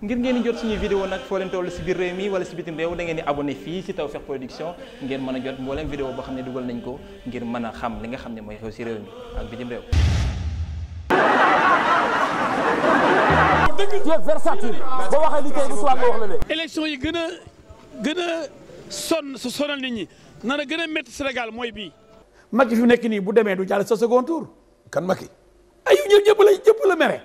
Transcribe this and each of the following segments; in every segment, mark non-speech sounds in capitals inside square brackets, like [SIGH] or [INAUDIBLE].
ngir ngeen jot suñuy vidéo nag foo leen toll si biir réew mi wala si bitim réew da ngeen di abonné fii si Tawfekh Production ngeen mën a jot mbooleem vidéo boo xam ne dugal nañ ko ngir mën a xam li nga xam ne mooy xew si réew mi ak bitim réew yi gën a gën a sonn su sonal nit ñi nar a gën a métti Sénégal mooy bii Macky fi nekk nii bu demee du jàll sa second tour kan Macky ay ñëpp ñëpp la ñëpp la mere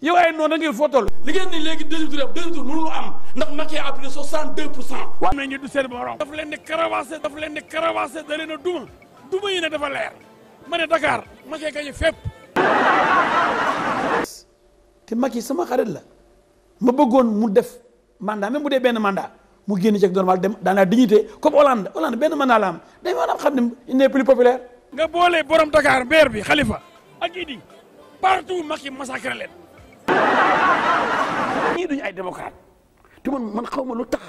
yow ay noonu da ngeen foo toll. li ngeen ni léegi deuxième tour deuxième tour mënul am ndax Macky a appelé 62 pour cent. waaw mais ñu du seen borom. daf leen di caravasser daf leen di caravasser da leen a duma duma yi ne dafa leer ma ne Dakar Macky gañe fépp. te Macky sama xarit la ma bëggoon mu def mandat même bu dee benn mandat mu génn ceeg normal dem dans la dignité comme Hollande Hollande benn mandat la am day maanaam xam ne il n'est plus populaire. nga boole borom Dakar maire bi Khalifa ak Idi partout Macky leen. ñii duñu ay démocrate te man man xaw ma lu tax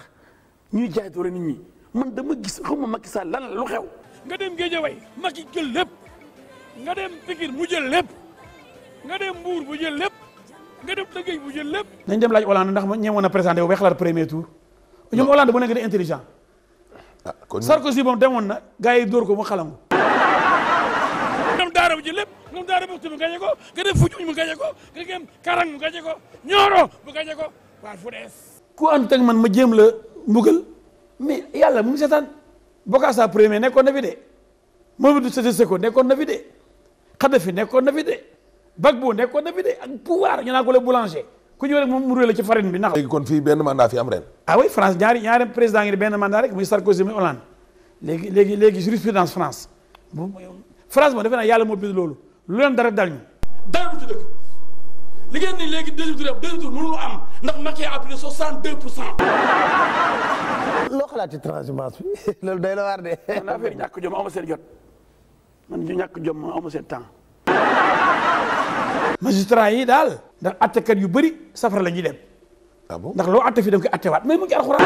ñuy jaay doole nit ñi man dama gis xaw ma Macky Sall lan lu xew. nga dem Guédiawaye Macky jël lépp nga dem Pikine mu jël lépp nga dem Mbour mu jël lépp nga dem Tëngéej mu jël lépp. nañ dem laaj Hollande ndax ñeemoon na présenté wu xalaat premier tour. ñoom Hollande bu nekk di intelligent. ah kon Sarkozy moom demoon na gars yi dóor ko mu xalamu Daara bu jël lépp nga dem Daara Mousty mu gañe ko nga ko nga dem Karang mu gañe ko Nioro mu gañe ko waaw fu dees ku ànd man ma jéem la mbugal mais yàlla mu ngi seetaan Bokassa premier nekkoon na fi de Mamadou Sédé Seko nekkoon na fi de Kadhafi nekkoon na fi de Gbagbo na fi de ak pouvoir ñu naan ko ku ñëw rek moom mu réelé ci farine bi nax léegi kon fii benn mandat fi am ren ah oui France ñaari ñaari président ngi benn mandat rek muy Sarkozy muy Hollande léegi léegi léegi jurisprudence France bu France moom defe naa yàlla moo bind loolu lu leen dara dal ñu. dara du ci dëkk li ngeen ni léegi deuxième tour deuxième tour mënul am ndax Macky a appuyé 62 pour cent. loo xalaat ci transhumance bi [LAUGHS] loolu day la waar de. man affaire ñàkk jom amu seen jot man ñu ñàkk jom amu seen temps. magistrat yi daal. ndax attekat yu bëri safara la ñuy dem. ah bon ndax loo atte fii da nga koy attewaat mais mu ngi alxuraan.